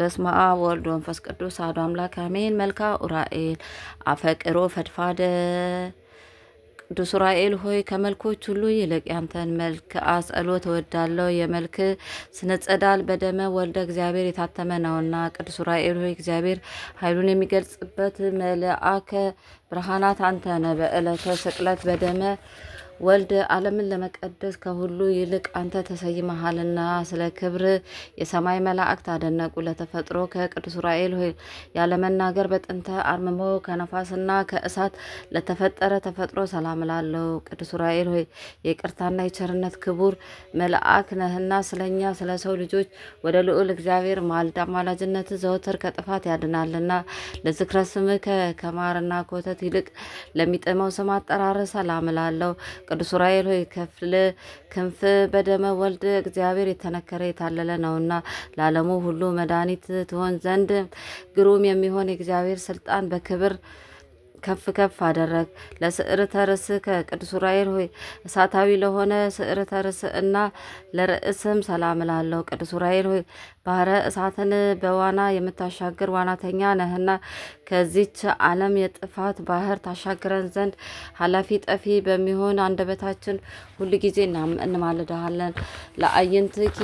በስመ አብ መንፈስ ቅዱስ አሐዱ አምላክ አሜን። መልካ ዑራኤል አፈቅሮ ፈድፋደ ቅዱስ ዑራኤል ሆይ ከመልኮች ሁሉ ይልቅ ያንተን መልክ አጸሎ ተወዳለው። የመልክ ስነ ጸዳል በደመ ወልደ እግዚአብሔር የታተመ ነውና። ቅዱስ ዑራኤል ሆይ እግዚአብሔር ኃይሉን የሚገልጽበት መልአከ ብርሃናት አንተ ነህ። በዕለተ ስቅለት በደመ ወልድ ዓለምን ለመቀደስ ከሁሉ ይልቅ አንተ ተሰይመሃልና ስለ ክብር የሰማይ መላእክት አደነቁ። ለተፈጥሮ ከቅዱስ ራኤል ሆይ ያለመናገር በጥንተ አርምሞ ከነፋስና ከእሳት ለተፈጠረ ተፈጥሮ ሰላም ላለው ቅዱስ ራኤል ሆይ የቅርታና የቸርነት ክቡር መልአክ ነህና ስለኛ ስለ ሰው ልጆች ወደ ልዑል እግዚአብሔር ማልዳ ማላጅነት ዘወትር ከጥፋት ያድናልና ለዝክረ ስምህ ከማርና ኮተት ይልቅ ለሚጥመው ስም አጠራር ሰላም ላለው ቅዱስ ዑራኤል ሆይ ከፍል ክንፍ በደመ ወልድ እግዚአብሔር የተነከረ የታለለ ነውና ለዓለሙ ሁሉ መድኃኒት ትሆን ዘንድ ግሩም የሚሆን የእግዚአብሔር ስልጣን በክብር ከፍ ከፍ አደረግ ለስዕርተ ርእስከ ከቅዱስ ዑራኤል ሆይ እሳታዊ ለሆነ ስዕርተ ርእስ እና ለርእስም ሰላም እላለሁ። ቅዱስ ዑራኤል ሆይ ባህረ እሳትን በዋና የምታሻግር ዋናተኛ ነህና ከዚች ዓለም የጥፋት ባህር ታሻግረን ዘንድ ኃላፊ ጠፊ በሚሆን አንደበታችን ሁሉ ጊዜ እንማልድሃለን። ለአይንትኪ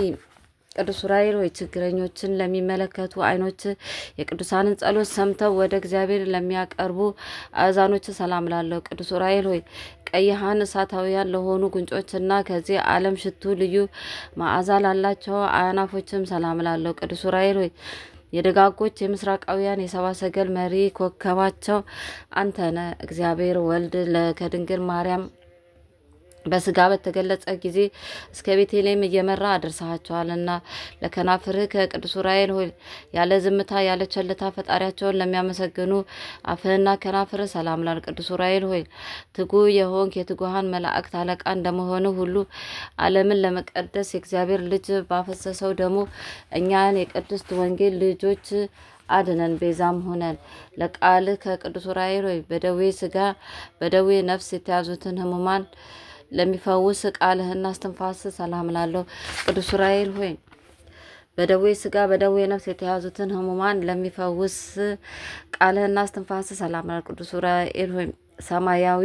ቅዱስ ዑራኤል ወይ ችግረኞችን ለሚመለከቱ አይኖች የቅዱሳንን ጸሎት ሰምተው ወደ እግዚአብሔር ለሚያቀርቡ አእዛኖች ሰላም ላለው ቅዱስ ዑራኤል ሆይ ቀይሃን እሳታውያን ለሆኑ ጉንጮችና ከዚህ ዓለም ሽቱ ልዩ መዓዛ ላላቸው አናፎችም ሰላም ላለው ቅዱስ ዑራኤል ሆይ የደጋጎች የምስራቃውያን የሰባሰገል መሪ ኮከባቸው አንተነ እግዚአብሔር ወልድ ከድንግል ማርያም በስጋ በተገለጸ ጊዜ እስከ ቤተልሔም እየመራ አድርሰሃቸዋልና ለከናፍርህ ከቅዱስ ዑራኤል ሆይ ያለ ዝምታ ያለ ቸልታ ፈጣሪያቸውን ለሚያመሰግኑ አፍህና ከናፍርህ ሰላም ላል። ቅዱስ ዑራኤል ሆይ ትጉ የሆንክ የትጉሃን መላእክት አለቃ እንደመሆኑ ሁሉ ዓለምን ለመቀደስ የእግዚአብሔር ልጅ ባፈሰሰው ደግሞ እኛን የቅድስት ወንጌል ልጆች አድነን ቤዛም ሆነን። ለቃልህ ከቅዱስ ዑራኤል ሆይ በደዌ ስጋ በደዌ ነፍስ የተያዙትን ህሙማን ለሚፈውስ ቃልህና እስትንፋስ ሰላም ላለው ቅዱስ ዑራኤል ሆይ በደዌ ስጋ በደዌ ነፍስ የተያዙትን ህሙማን ለሚፈውስ ቃልህና እስትንፋስ ሰላም ላለው ቅዱስ ዑራኤል ሆይ ሰማያዊ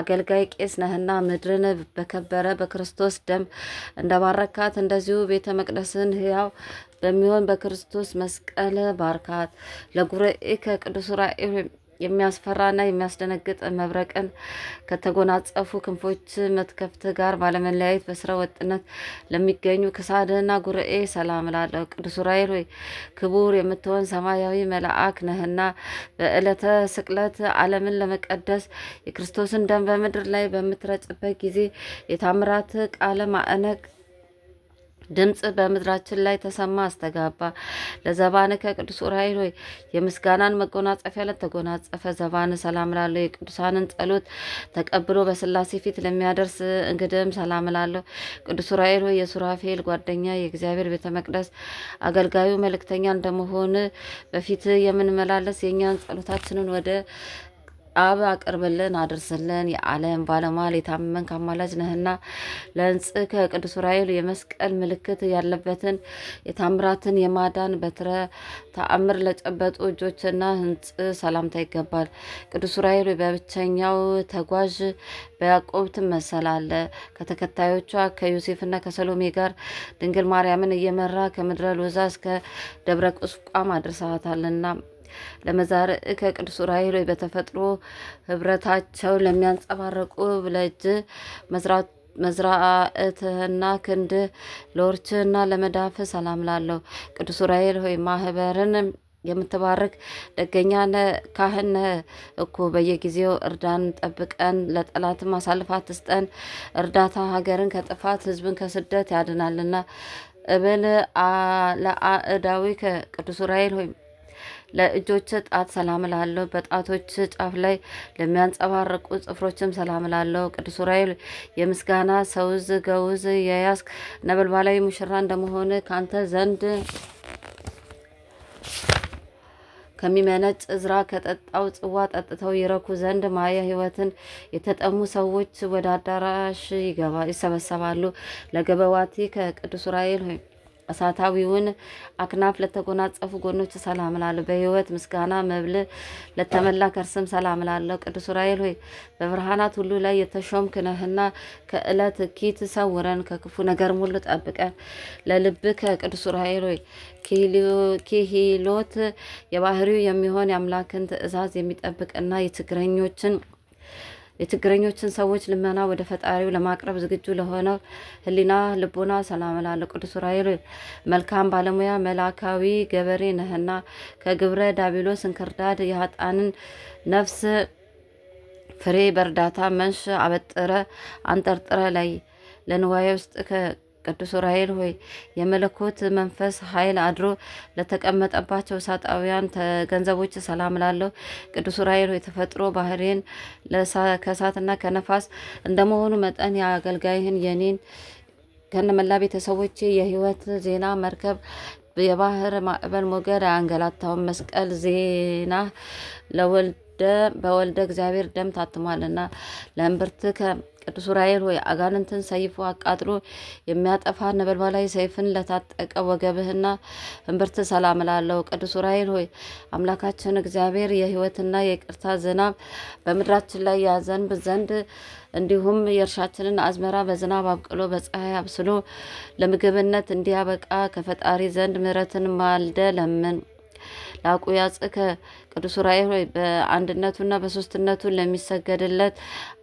አገልጋይ ቄስ ነህና ምድርን በከበረ በክርስቶስ ደም እንደባረካት እንደዚሁ ቤተ መቅደስን ህያው በሚሆን በክርስቶስ መስቀል ባርካት። ለጉረኤከ ቅዱስ ዑራኤል የሚያስፈራና የሚያስደነግጥ መብረቅን ከተጎናጸፉ ክንፎች መትከፍት ጋር ባለመለያየት በስራ ወጥነት ለሚገኙ ክሳድህና ጉርኤ ሰላም ላለው ቅዱስ ዑራኤል ሆይ ክቡር የምትሆን ሰማያዊ መልአክ ነህና በዕለተ ስቅለት ዓለምን ለመቀደስ የክርስቶስን ደም በምድር ላይ በምትረጭበት ጊዜ የታምራት ቃለ ማዕነቅ ድምፅ በምድራችን ላይ ተሰማ አስተጋባ። ለዘባን ከቅዱስ ዑራኤል ሆይ የምስጋናን መጎናጸፊያ ለተጎናጸፈ ዘባን ሰላም ላለሁ። የቅዱሳንን ጸሎት ተቀብሎ በስላሴ ፊት ለሚያደርስ እንግድም ሰላም ላለሁ። ቅዱስ ዑራኤል ሆይ የሱራፌል ጓደኛ የእግዚአብሔር ቤተ መቅደስ አገልጋዩ መልእክተኛ እንደመሆን በፊት የምንመላለስ የእኛን ጸሎታችንን ወደ አብ አቅርብልን አድርስልን የዓለም ባለሟል የታመንክ አማላጅ ነህና ለንጽ ከቅዱስ ራኤል የመስቀል ምልክት ያለበትን የታምራትን የማዳን በትረ ተአምር ለጨበጡ እጆችና ህንጽ ሰላምታ ይገባል። ቅዱስ ራኤል በብቸኛው ተጓዥ በያዕቆብ ትመሰላለ። ከተከታዮቿ ከዮሴፍና ከሰሎሜ ጋር ድንግል ማርያምን እየመራ ከምድረ ሎዛ እስከ ደብረ ቁስቋም አድርሰሃታልና ለመዛርእ ከቅዱስ ዑራኤል በተፈጥሮ ህብረታቸው ለሚያንጸባረቁ ብለጅ መስራት መዝራእትህና ክንድ ለወርችህና ለመዳፍ ሰላም ላለሁ ቅዱስ ዑራኤል ሆይ ማህበርን የምትባርክ ደገኛ ካህን ነህ እኮ። በየጊዜው እርዳን፣ ጠብቀን፣ ለጠላት ማሳልፋት ትስጠን። እርዳታ ሀገርን ከጥፋት ህዝብን ከስደት ያድናልና። እብል ለአእዳዊ ከቅዱስ ዑራኤል ሆይ ለእጆች ጣት ሰላም ላለው በጣቶች ጫፍ ላይ ለሚያንጸባርቁ ጽፍሮችም ሰላም ላለው። ቅዱስ ዑራኤል የምስጋና ሰውዝ ገውዝ የያስክ ነበልባላዊ ሙሽራ እንደመሆን ካንተ ዘንድ ከሚመነጭ እዝራ ከጠጣው ጽዋ ጠጥተው ይረኩ ዘንድ ማየ ሕይወትን የተጠሙ ሰዎች ወደ አዳራሽ ይገባ ይሰበሰባሉ። ለገበዋቲ ከቅዱስ ዑራኤል ሆይ እሳታዊውን አክናፍ ለተጎናጸፉ ጎኖች ሰላም እላለሁ። በህይወት ምስጋና መብል ለተመላ ከርስም ሰላም እላለሁ። ቅዱስ ዑራኤል ሆይ በብርሃናት ሁሉ ላይ የተሾምክ ነህና ከእለት ኪት ሰውረን፣ ከክፉ ነገር ሙሉ ጠብቀን። ለልብ ከቅዱስ ዑራኤል ሆይ ኪሂሎት የባህሪው የሚሆን የአምላክን ትእዛዝ የሚጠብቅና የችግረኞችን የችግረኞችን ሰዎች ልመና ወደ ፈጣሪው ለማቅረብ ዝግጁ ለሆነው ህሊና ልቦና ሰላም ላለ ቅዱስ ዑራኤል መልካም ባለሙያ መላካዊ ገበሬ ነህና ከግብረ ዳቢሎስ እንክርዳድ የሀጣንን ነፍስ ፍሬ በእርዳታ መንሽ አበጥረ አንጠርጥረ ላይ ለንዋይ ውስጥ ቅዱስ ዑራኤል ሆይ የመለኮት መንፈስ ኃይል አድሮ ለተቀመጠባቸው እሳጣውያን ገንዘቦች ሰላም ላለሁ ቅዱስ ዑራኤል ሆይ ተፈጥሮ ባህሬን ከእሳትና ከነፋስ እንደመሆኑ መጠን የአገልጋይህን የኔን ከነመላ ቤተሰቦች የህይወት ዜና መርከብ የባህር ማዕበል ሞገድ አያንገላታውን መስቀል ዜና ለወልድ ደም በወልደ እግዚአብሔር ደም ታትሟልና ለእምብርት ቅዱስ ዑራኤል ሆይ አጋንንትን ሰይፎ አቃጥሎ የሚያጠፋ ነበልባላዊ ሰይፍን ለታጠቀ ወገብህና እምብርት ሰላም ላለው ቅዱስ ዑራኤል ሆይ አምላካችን እግዚአብሔር የሕይወትና የቅርታ ዝናብ በምድራችን ላይ ያዘንብ ዘንድ እንዲሁም የእርሻችንን አዝመራ በዝናብ አብቅሎ በፀሐይ አብስሎ ለምግብነት እንዲያበቃ ከፈጣሪ ዘንድ ምሕረትን ማልደ ለምን ያጽከ ቅዱስ ዑራኤል ሆይ በአንድነቱና በሶስትነቱ ለሚሰገድለት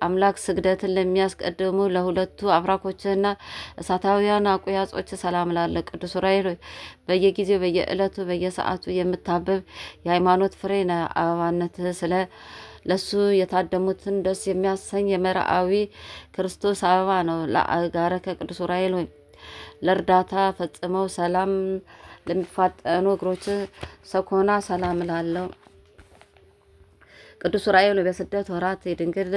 አምላክ ስግደትን ለሚያስቀድሙ ለሁለቱ አብራኮችና እሳታውያን አቁያጾች ሰላም ላለ ቅዱስ ዑራኤል ሆይ በየጊዜው በየዕለቱ በየሰዓቱ የምታብብ የሃይማኖት ፍሬ ነ አበባነት ስለ ለሱ የታደሙትን ደስ የሚያሰኝ የመርአዊ ክርስቶስ አበባ ነው። ለአጋረከ ቅዱስ ዑራኤል ሆይ ለእርዳታ ፈጽመው ሰላም ለሚፋጠኑ እግሮች ሰኮና ሰላም እላለሁ። ቅዱስ ዑራኤል በስደት ወራት የድንግል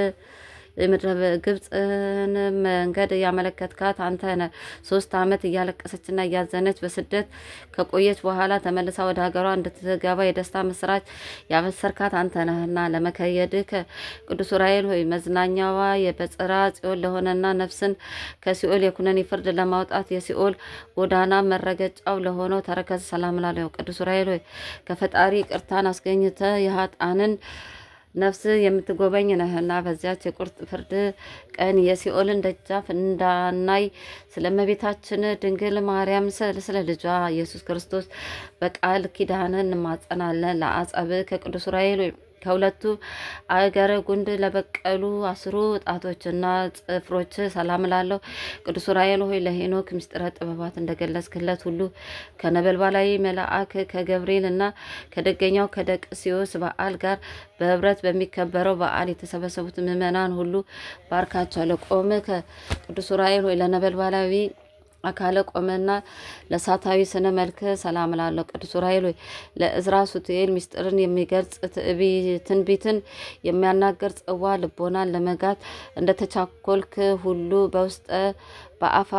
ምድረ ግብፅን መንገድ ያመለከትካት አንተ ነህ። ሶስት ዓመት እያለቀሰችና እያዘነች በስደት ከቆየች በኋላ ተመልሳ ወደ ሀገሯ እንድትገባ የደስታ ምስራች ያበሰርካት አንተ ነህና ለመከየድህ ቅዱስ ዑራኤል ሆይ መዝናኛዋ የበጽራ ጽዮን ለሆነና ነፍስን ከሲኦል የኩነኔ ፍርድ ለማውጣት የሲኦል ጎዳና መረገጫው ለሆነው ተረከዝ ሰላም ላለው ቅዱስ ዑራኤል ሆይ ከፈጣሪ ቅርታን አስገኝተ የሀጣንን ነፍስ የምትጎበኝ ነህና በዚያች የቁርጥ ፍርድ ቀን የሲኦልን ደጃፍ እንዳናይ ስለ እመቤታችን ድንግል ማርያም ስለ ልጇ ኢየሱስ ክርስቶስ በቃል ኪዳን እንማጸናለን። ለአጸብ ከቅዱስ ዑራኤል ከሁለቱ አገረ ጉንድ ለበቀሉ አስሩ ጣቶችና ጽፍሮች ሰላም ላለው ቅዱስ ራኤል ሆይ ለሄኖክ ምስጢረ ጥበባት እንደገለጽክለት ሁሉ ከነበልባላዊ መልአክ ከገብርኤል እና ከደገኛው ከደቅሲዮስ በዓል ጋር በህብረት በሚከበረው በዓል የተሰበሰቡት ምዕመናን ሁሉ ባርካቸው። ለቆመ ከቅዱስ ራኤል ሆይ ለነበልባላዊ አካለ ቆመና ለሳታዊ ስነ መልክ ሰላም ላለው ቅዱስ ዑራኤል ሆይ ለእዝራ ሱቱኤል ሚስጥርን የሚገልጽ ትንቢትን የሚያናገር ጽዋ ልቦናን ለመጋት እንደተቻኮልክ ሁሉ በውስጠ በአፋ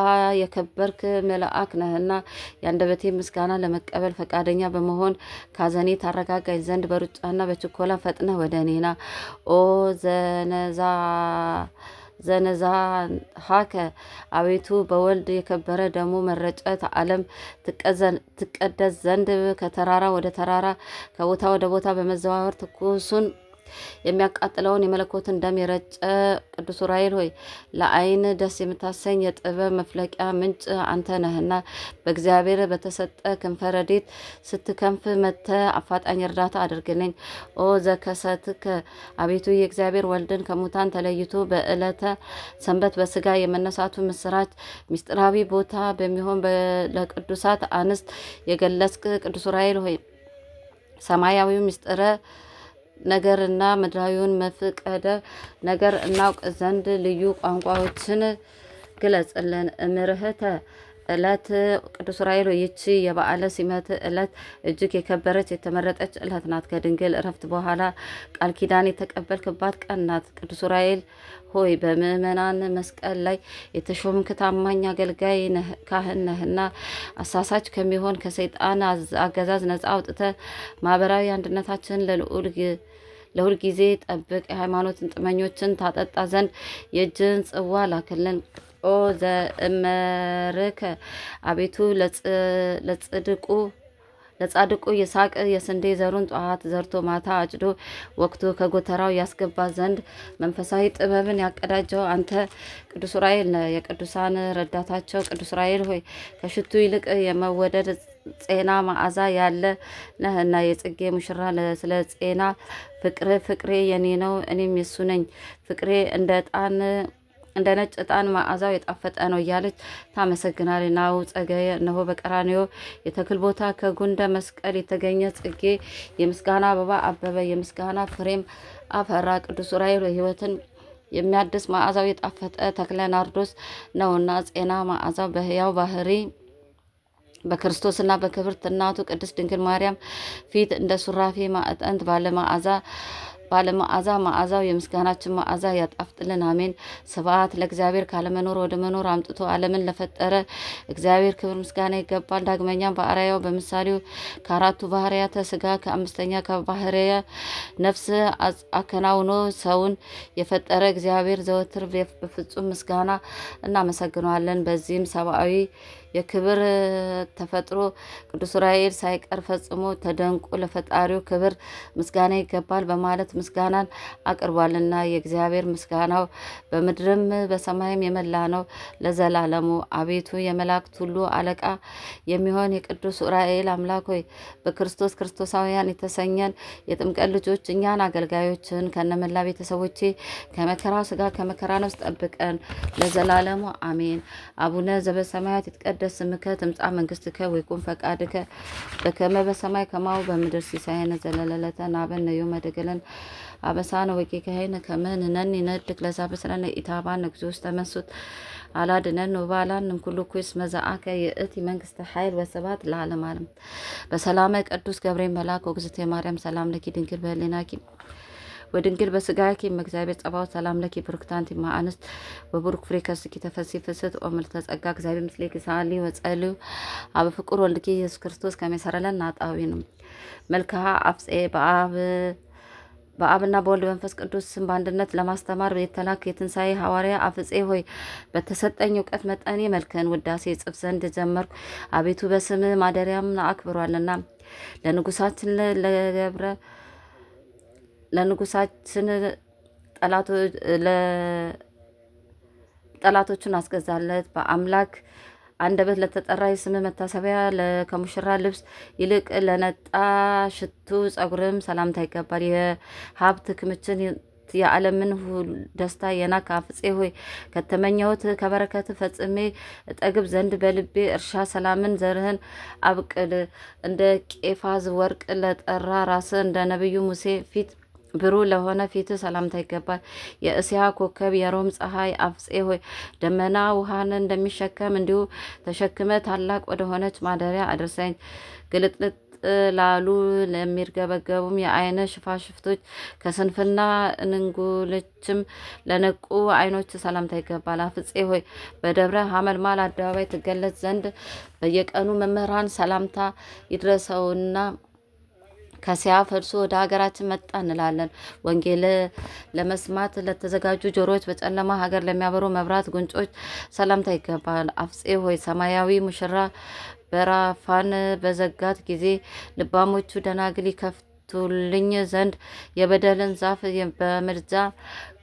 የከበርክ መልአክ ነህና የአንደበቴ ምስጋና ለመቀበል ፈቃደኛ በመሆን ካዘኔ ታረጋጋኝ ዘንድ በሩጫና በችኮላ ፈጥነህ ወደ እኔና ኦ ዘነዛ ዘነዛሃከ አቤቱ በወልድ የከበረ ደሙ መረጨት ዓለም ትቀደስ ዘንድ ከተራራ ወደ ተራራ ከቦታ ወደ ቦታ በመዘዋወር ትኩሱን የሚያቃጥለውን የመለኮትን ደም የረጨ ቅዱስ ዑራኤል ሆይ ለአይን ደስ የምታሰኝ የጥበብ መፍለቂያ ምንጭ አንተ ነህና በእግዚአብሔር በተሰጠ ክንፈ ረድኤት ስትከንፍ መተ አፋጣኝ እርዳታ አድርግልኝ። ኦ ዘከሰትከ አቤቱ የእግዚአብሔር ወልድን ከሙታን ተለይቶ በዕለተ ሰንበት በስጋ የመነሳቱ ምስራች ሚስጥራዊ ቦታ በሚሆን ለቅዱሳት አንስት የገለጽክ ቅዱስ ዑራኤል ሆይ ሰማያዊ ሚስጥረ ነገርና ምድራዊውን መፍቀደ ነገር እናውቅ ዘንድ ልዩ ቋንቋዎችን ግለጽልን። እምርህተ እለት ቅዱስ ዑራኤል ይቺ የበዓለ ሲመት ዕለት እጅግ የከበረች የተመረጠች ዕለት ናት። ከድንግል እረፍት በኋላ ቃል ኪዳን የተቀበልክባት ቀን ናት። ቅዱስ ዑራኤል ሆይ በምእመናን መስቀል ላይ የተሾምክ ታማኝ አገልጋይ ካህን ነህና አሳሳች ከሚሆን ከሰይጣን አገዛዝ ነጻ አውጥተ ማህበራዊ አንድነታችን ለልዑል ለሁል ጊዜ ጠብቅ። የሃይማኖትን ጥመኞችን ታጠጣ ዘንድ የእጅን ጽዋ ላክልን። ኦ ዘእመርከ አቤቱ ለጽድቁ ለጻድቁ ይስሐቅ የስንዴ ዘሩን ጠዋት ዘርቶ ማታ አጭዶ ወቅቱ ከጎተራው ያስገባ ዘንድ መንፈሳዊ ጥበብን ያቀዳጀው አንተ ቅዱስ ራኤል ነህ፣ የቅዱሳን ረዳታቸው። ቅዱስ ራኤል ሆይ ከሽቱ ይልቅ የመወደድ ጤና መዓዛ ያለ እና የጽጌ ሙሽራ ስለ ጤና ፍቅር ፍቅሬ የኔ ነው እኔም የሱ ነኝ ፍቅሬ እንደ ዕጣን እንደ ነጭ ዕጣን መዓዛው የጣፈጠ ነው እያለች ታመሰግናል። ናው ጸገየ እነሆ በቀራኒዮ የተክል ቦታ ከጉንደ መስቀል የተገኘ ጽጌ የምስጋና አበባ አበበ የምስጋና ፍሬም አፈራ። ቅዱስ ዑራኤል ህይወትን የሚያድስ መዓዛው የጣፈጠ ተክለ ናርዶስ ነውና ጼና መዓዛው በህያው ባህሪ በክርስቶስና በክብርት እናቱ ቅድስት ድንግል ማርያም ፊት እንደ ሱራፌ ማዕጠንት ባለ መዓዛ ባለመዓዛ መዓዛው የምስጋናችን መዓዛ ያጣፍጥልን። አሜን። ስብዓት ለእግዚአብሔር ካለመኖር ወደ መኖር አምጥቶ ዓለምን ለፈጠረ እግዚአብሔር ክብር ምስጋና ይገባል። ዳግመኛም በአርአያው በምሳሌው ከአራቱ ባህርያተ ስጋ ከአምስተኛ ከባህርያ ነፍስ አከናውኖ ሰውን የፈጠረ እግዚአብሔር ዘወትር በፍጹም ምስጋና እናመሰግነዋለን። በዚህም ሰብአዊ የክብር ተፈጥሮ ቅዱስ ዑራኤል ሳይቀር ፈጽሞ ተደንቆ ለፈጣሪው ክብር ምስጋና ይገባል በማለት ምስጋናን አቅርቧልና የእግዚአብሔር ምስጋናው በምድርም በሰማይም የመላ ነው ለዘላለሙ። አቤቱ የመላእክት ሁሉ አለቃ የሚሆን የቅዱስ ዑራኤል አምላክ ሆይ በክርስቶስ ክርስቶሳውያን የተሰኘን የጥምቀት ልጆች እኛን አገልጋዮችን ከነመላ ቤተሰቦቼ ከመከራ ስጋ ከመከራ ነፍስ ጠብቀን ለዘላለሙ አሜን። አቡነ ዘበሰማያት ይትቀደ ይትቀደስ ስምከ ትምጻእ መንግስትከ ወይኩን ፈቃድከ በከመ በሰማይ ከማሁ በምድር ሲሳየነ ዘለለለተ ናበነ ዮም አድኅበነ አበሳነ ወጌጋየነ ነን ንሕነኒ ለዛ ለዘአበሳነ ኢታብአነ እግዚኦ ውስተ መንሱት አላድኅነነ ወባልሐነ እምኩሉ ኩስ መዛአከ የእቲ መንግስት ኃይል ወስብሐት ለዓለመ ዓለም። በሰላመ ቅዱስ ገብርኤል መልአክ ወእግዝእትየ ማርያም ሰላም ለኪ ድንግል በሕሊናኪ ወድንግል በስጋኪ መእግዚአብሔር ጸባኦት ሰላም ለኪ ብሩክታንቲ ማአንስት ወብሩክ ፍሬ ከርስኪ ተፈሲ ፍስት ኦምል ተጸጋ እግዚአብሔር ምስሌ ሰአሊ ወጸልዩ አብ ፍቁር ወልድኪ ኢየሱስ ክርስቶስ ከመሰረ ለነ ኃጣውኢኑ መልክዓ አፍፄ በአብ በአብና በወልድ መንፈስ ቅዱስ ስም በአንድነት ለማስተማር የተላክ የትንሣኤ ሐዋርያ አፍፄ ሆይ በተሰጠኝ እውቀት መጠኔ መልክህን ውዳሴ ጽፍ ዘንድ ጀመርኩ። አቤቱ በስምህ ማደሪያም አክብሯልና ለንጉሳችን ለገብረ ለንጉሳችን ጠላቶቹን አስገዛለት። በአምላክ አንደበት ለተጠራ የስም መታሰቢያ ከሙሽራ ልብስ ይልቅ ለነጣ ሽቱ ጸጉርም ሰላምታ ይገባል። የሀብት ክምችን የዓለምን ደስታ የና አፍፄ ሆይ ከተመኘሁት ከበረከት ፈጽሜ ጠግብ ዘንድ በልቤ እርሻ ሰላምን ዘርህን አብቅል። እንደ ቄፋዝ ወርቅ ለጠራ ራስ እንደ ነቢዩ ሙሴ ፊት ብሩ ለሆነ ፊት ሰላምታ ይገባል። የእስያ ኮከብ የሮም ፀሐይ አፍፄ ሆይ ደመና ውሃን እንደሚሸከም እንዲሁ ተሸክመ ታላቅ ወደሆነች ማደሪያ አድርሰኝ። ግልጥልጥ ላሉ ለሚርገበገቡም የአይነ ሽፋሽፍቶች ከስንፍና እንንጉልችም ለነቁ አይኖች ሰላምታ ይገባል። አፍፄ ሆይ በደብረ ሀመልማል አደባባይ ትገለጽ ዘንድ በየቀኑ መምህራን ሰላምታ ይድረሰውና ከሲያ ፈርሶ ወደ ሀገራችን መጣ እንላለን። ወንጌል ለመስማት ለተዘጋጁ ጆሮዎች፣ በጨለማ ሀገር ለሚያበሩ መብራት ጉንጮች ሰላምታ ይገባል። አፍፄ ሆይ ሰማያዊ ሙሽራ በራፋን በዘጋት ጊዜ ልባሞቹ ደናግል ይከፍት ቱልኝ ዘንድ የበደልን ዛፍ በምርዛ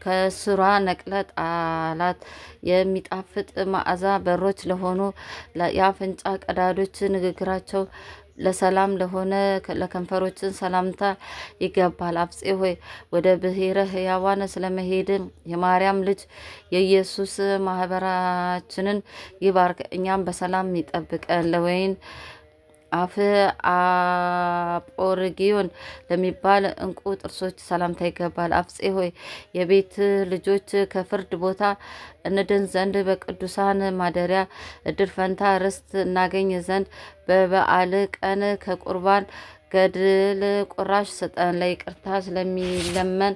ከስሯ ነቅለ ጣላት። የሚጣፍጥ መዓዛ በሮች ለሆኑ የአፍንጫ ቀዳዶች ንግግራቸው ለሰላም ለሆነ ለከንፈሮችን ሰላምታ ይገባል። አብፄ ሆይ ወደ ብሔረ ሕያዋን ስለመሄድ የማርያም ልጅ የኢየሱስ ማህበራችንን ይባርክ፣ እኛም በሰላም ይጠብቀን። ለወይን አፍ አጶርጊዮን ለሚባል እንቁ ጥርሶች ሰላምታ ይገባል። አፍጼ ሆይ የቤት ልጆች ከፍርድ ቦታ እንደን ዘንድ በቅዱሳን ማደሪያ እድር ፈንታ ርስት እናገኝ ዘንድ በበዓል ቀን ከቁርባን ገድል ቁራሽ ስጠን። ለይቅርታ ስለሚለመን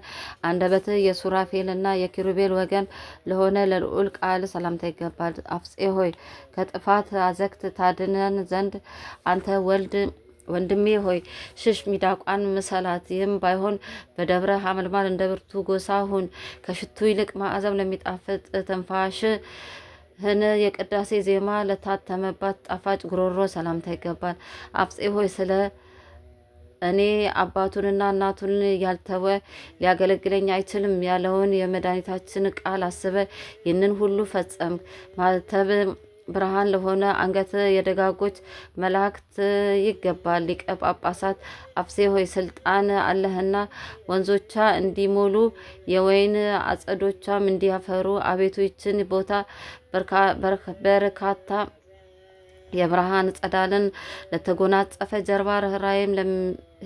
አንደበት የሱራፌልና የኪሩቤል ወገን ለሆነ ለልዑል ቃል ሰላምታ ይገባል። አፍጼ ሆይ ከጥፋት አዘግት ታድነን ዘንድ አንተ ወልድ ወንድሜ ሆይ ሽሽ፣ ሚዳቋን ምሰላት። ይህም ባይሆን በደብረ ሐመልማል እንደ ብርቱ ጎሳ ሁን። ከሽቱ ይልቅ ማዕዛው ለሚጣፍጥ ትንፋሽ ህን የቅዳሴ ዜማ ለታተመባት ጣፋጭ ጉሮሮ ሰላምታ ይገባል። አፍጼ ሆይ ስለ እኔ አባቱንና እናቱን ያልተወ ሊያገለግለኝ አይችልም ያለውን የመድኃኒታችን ቃል አስበ ይህንን ሁሉ ፈጸም ማተብ ብርሃን ለሆነ አንገት የደጋጎች መላእክት ይገባል። ሊቀ ጳጳሳት አፍሴ ሆይ ስልጣን አለህና ወንዞቿ እንዲሞሉ የወይን አጸዶቿም እንዲያፈሩ አቤቱ ይችን ቦታ በርካታ የብርሃን ጸዳልን ለተጎናጸፈ ጀርባ ርኅራይም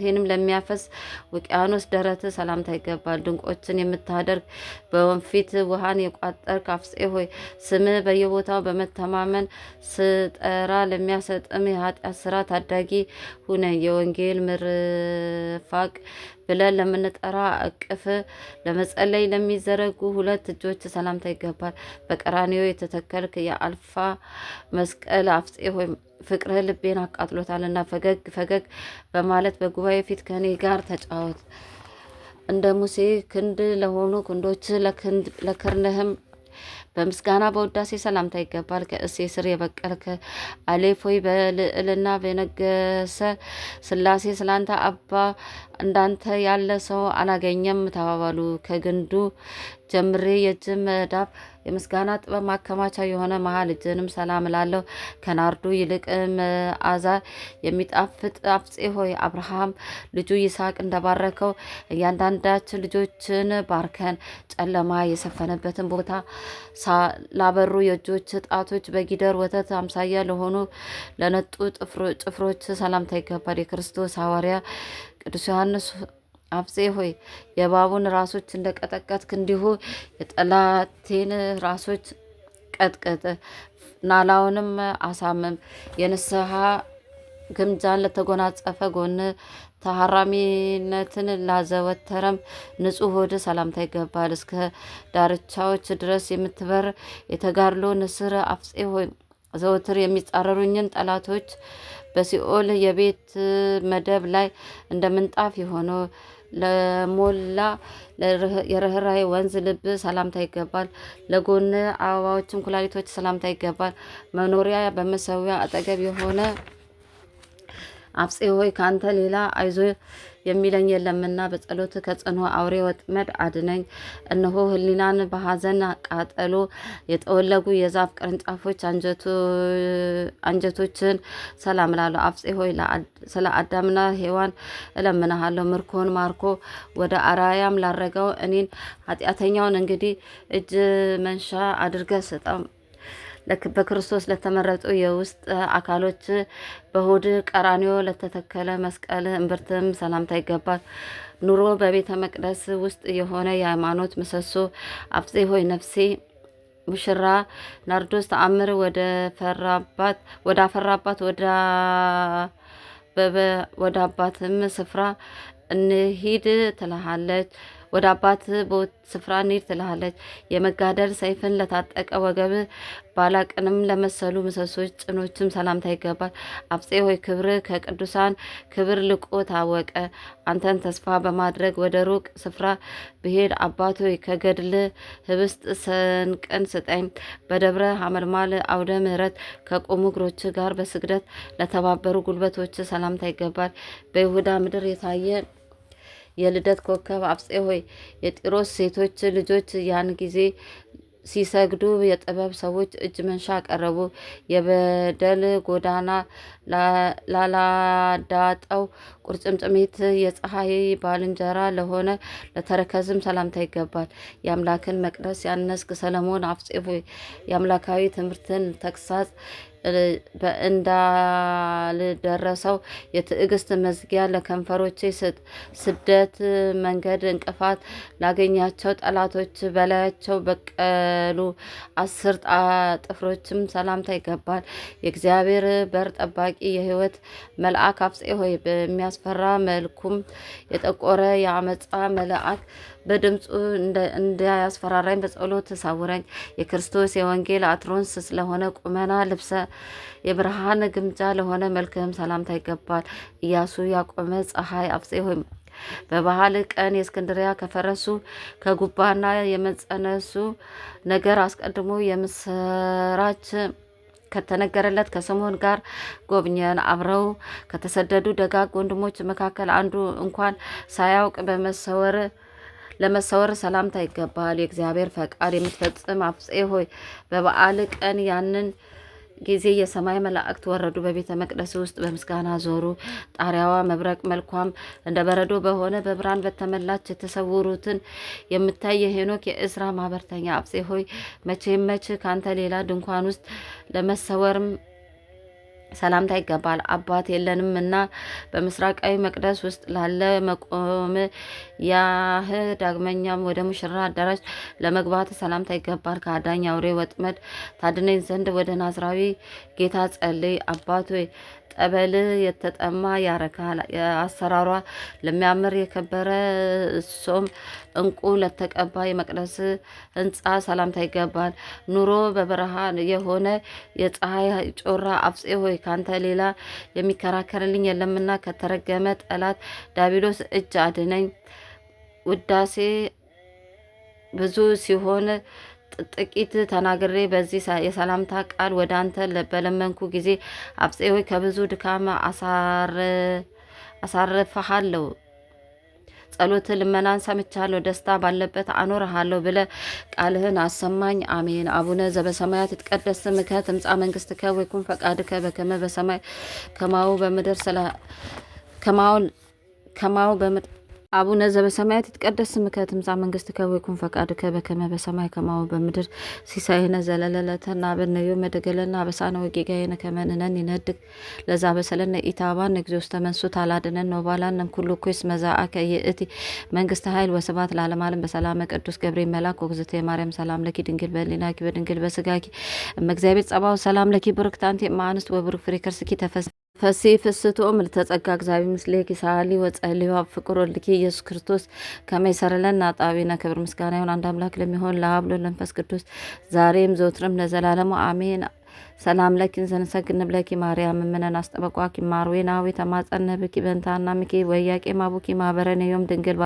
ይህንም ለሚያፈስ ውቅያኖስ ደረት ሰላምታ ይገባል። ድንቆችን የምታደርግ በወንፊት ውሃን የቋጠር ካፍጼ ሆይ ስምህ በየቦታው በመተማመን ስጠራ ለሚያሰጥም የኃጢአት ስራ ታዳጊ ሁነ የወንጌል ምርፋቅ ብለን ለምንጠራ እቅፍ ለመጸለይ ለሚዘረጉ ሁለት እጆች ሰላምታ ይገባል። በቀራንዮ የተተከልክ የአልፋ መስቀል አፍፄ ሆይ ፍቅር ልቤን አቃጥሎታልና ፈገግ ፈገግ በማለት በጉባኤ ፊት ከእኔ ጋር ተጫወት። እንደ ሙሴ ክንድ ለሆኑ ክንዶች ለክርንህም በምስጋና በውዳሴ ሰላምታ ይገባል። ከእሴ ስር የበቀልከ አሌፍ ሆይ በልዕልና በነገሰ ስላሴ ስላንተ አባ እንዳንተ ያለ ሰው አላገኘም ተባባሉ። ከግንዱ ጀምሬ የእጅ መዳብ የምስጋና ጥበብ ማከማቻ የሆነ መሀል እጅንም ሰላም እላለሁ። ከናርዱ ይልቅ መዓዛ የሚጣፍጥ አፍፄ ሆይ አብርሃም ልጁ ይስሐቅ እንደባረከው እያንዳንዳችን ልጆችን ባርከን ጨለማ የሰፈነበትን ቦታ ላበሩ የእጆች ጣቶች በጊደር ወተት አምሳያ ለሆኑ ለነጡ ጭፍሮች ሰላምታ ይገባል። የክርስቶስ ሐዋርያ ቅዱስ ዮሐንስ አፍፄ ሆይ የእባቡን ራሶች እንደቀጠቀጥክ እንዲሁ የጠላቴን ራሶች ቀጥቀጥ፣ ናላውንም አሳምም። የንስሐ ግምጃን ለተጎናጸፈ ጎን ተሐራሚነትን ላዘወተረም ንጹህ ወደ ሰላምታ ይገባል። እስከ ዳርቻዎች ድረስ የምትበር የተጋድሎ ንስር አፍፄ ሆይ ዘወትር የሚጻረሩኝን ጠላቶች በሲኦል የቤት መደብ ላይ እንደ ምንጣፍ ለሞላ የርኅራኄ ወንዝ ልብ ሰላምታ ይገባል። ለጎን አበባዎችም ኩላሊቶች ሰላምታ ይገባል። መኖሪያ በመሰዊያ አጠገብ የሆነ አብፄ ሆይ ካንተ ሌላ አይዞ የሚለኝ የለምና በጸሎት ከጽኑ አውሬ ወጥመድ አድነኝ። እነሆ ሕሊናን በሐዘን ቃጠሎ የጠወለጉ የዛፍ ቅርንጫፎች አንጀቶችን ሰላም ላሉ አብፄ ሆይ ስለ አዳምና ሔዋን እለምናሃለሁ። ምርኮን ማርኮ ወደ አራያም ላረገው እኔን ኃጢአተኛውን እንግዲህ እጅ መንሻ አድርገ ስጠው። በክርስቶስ ለተመረጡ የውስጥ አካሎች በሆድ ቀራኒዮ ለተተከለ መስቀል እምብርትም ሰላምታ ይገባል። ኑሮ በቤተ መቅደስ ውስጥ የሆነ የሃይማኖት ምሰሶ አፍጼ ሆይ ነፍሴ ሙሽራ ናርዶስ ተአምር ወደ ፈራባት ወደ አፈራባት ወደ አባትም ስፍራ እንሂድ ትልሃለች። ወደ አባት ስፍራ እንሂድ ትልሃለች። የመጋደል ሰይፍን ለታጠቀ ወገብ ባላቅንም ለመሰሉ ምሰሶች ጭኖችም ሰላምታ ይገባል። አብፄ ሆይ ክብር ከቅዱሳን ክብር ልቆ ታወቀ። አንተን ተስፋ በማድረግ ወደ ሩቅ ስፍራ ብሄድ አባት ሆይ ከገድል ህብስት ሰንቅን ስጠኝ። በደብረ ሐመልማል አውደ ምሕረት ከቆሙ እግሮች ጋር በስግደት ለተባበሩ ጉልበቶች ሰላምታ ይገባል። በይሁዳ ምድር የታየ የልደት ኮከብ አብፄ ሆይ የጢሮስ ሴቶች ልጆች ያን ጊዜ ሲሰግዱ የጥበብ ሰዎች እጅ መንሻ ቀረቡ። የበደል ጎዳና ላላዳጠው ቁርጭምጭሚት የፀሐይ ባልንጀራ ለሆነ ለተረከዝም ሰላምታ ይገባል። የአምላክን መቅደስ ያነስክ ሰለሞን አፍፄ የአምላካዊ ትምህርትን ተግሳጽ እንዳልደረሰው የትዕግስት መዝጊያ ለከንፈሮቼ ስጥ። ስደት መንገድ እንቅፋት ላገኛቸው ጠላቶች በላያቸው በቀሉ። አስር ጥፍሮችም ሰላምታ ይገባል። የእግዚአብሔር በር ጠባቂ የህይወት መልአክ አፍጼ ሆይ በሚያስፈራ መልኩም የጠቆረ የአመፃ መልአክ በድምፁ እንዳያስፈራራኝ በጸሎት ሳውረኝ። የክርስቶስ የወንጌል አትሮንስ ስለሆነ ቁመና ልብሰ የብርሃን ግምጃ ለሆነ መልክህም ሰላምታ ይገባል። እያሱ ያቆመ ፀሐይ አፍጼ ሆይ በባህል ቀን የእስክንድሪያ ከፈረሱ ከጉባና የመጸነሱ ነገር አስቀድሞ የምስራች ከተነገረለት ከሰሞን ጋር ጎብኘን። አብረው ከተሰደዱ ደጋግ ወንድሞች መካከል አንዱ እንኳን ሳያውቅ በመሰወር ለመሰወር ሰላምታ ይገባል። የእግዚአብሔር ፈቃድ የምትፈጽም አፍጼ ሆይ በበዓል ቀን ያንን ጊዜ የሰማይ መላእክት ወረዱ፣ በቤተ መቅደስ ውስጥ በምስጋና ዞሩ። ጣሪያዋ መብረቅ መልኳም እንደ በረዶ በሆነ በብርሃን በተመላች የተሰውሩትን የምታይ የሄኖክ የእዝራ ማህበርተኛ አፍፄ ሆይ መቼ መች ከአንተ ሌላ ድንኳን ውስጥ ለመሰወርም ሰላምታ ይገባል። አባት የለንም እና በምስራቃዊ መቅደስ ውስጥ ላለ መቆም ያህ ዳግመኛም ወደ ሙሽራ አዳራሽ ለመግባት ሰላምታ ይገባል። ከአዳኝ አውሬ ወጥመድ ታድነኝ ዘንድ ወደ ናዝራዊ ጌታ ጸልይ። አባት ወይ ጠበል የተጠማ ያረካል። አሰራሯ ለሚያምር የከበረ ሶም እንቁ ለተቀባ የመቅደስ ህንጻ ሰላምታ ይገባል። ኑሮ በብርሃን የሆነ የፀሐይ ጮራ አፍጼ ሆይ ካንተ ሌላ የሚከራከርልኝ የለምና ከተረገመ ጠላት ዳቢሎስ እጅ አድነኝ። ውዳሴ ብዙ ሲሆን ጥቂት ተናግሬ በዚህ የሰላምታ ቃል ወደ አንተ በለመንኩ ጊዜ አብፄ ሆይ ከብዙ ድካም አሳርፈሃለሁ ጸሎት ልመናን ሰምቻለሁ፣ ደስታ ባለበት አኖርሃለሁ ብለ ቃልህን አሰማኝ። አሜን። አቡነ ዘበሰማያት ይትቀደስ ስምከ ትምጻእ መንግስትከ ወይኩን ፈቃድከ በከመ በሰማይ ከማው በምድር አቡነ ዘበሰማያት ይትቀደስ ስምከ ትምጻእ መንግስትከ ወይኩን ፈቃድከ በከመ በሰማይ ከማሁ በምድር ሲሳይነ ዘለለዕለትነ ሀበነ ዮም ወኅድግ አበሳነ ወጌጋየነ ከመ ንሕነኒ ንኅድግ ለዘአበሰለነ ኢታብአነ እግዚኦ ውስተ መንሱት አላድነን ወባላን እምኩሉ ኩስ መዛአከ ይእቲ መንግስት ኃይል ወስብሐት ለዓለመ ዓለም በሰላመ ቅዱስ ገብርኤል መልአክ ወእግዝእትየ የማርያም ሰላም ለኪ ድንግል በሕሊናኪ በድንግል በስጋኪ እመ እግዚአብሔር ጸባኦት ሰላም ለኪ ብርክት አንቲ እም ወብሩክ ፍሬ ከርስኪ ተፈሥሒ ፈሴ ፍስቶ ምልተጸጋ እግዚአብሔር ኪሳሊ ሳሊ ወጸልዮ አፍቅሮ ልኪ ኢየሱስ ክርስቶስ ከመይ ከመይሰረለን አጣዊነ ክብር ምስጋና ይሁን አንድ አምላክ ለሚሆን ለአብ ለወልድ ለመንፈስ ቅዱስ ዛሬም ዘውትርም ለዘላለሙ አሜን። ሰላም ለኪ ዘንሰግን ብለኪ ማርያም ምነን አስጠበቋኪ ማርዌናዊ ተማጸነ ብኪ በንታና ምኪ ወያቄ ማቡኪ ማህበረን ዮም ድንግል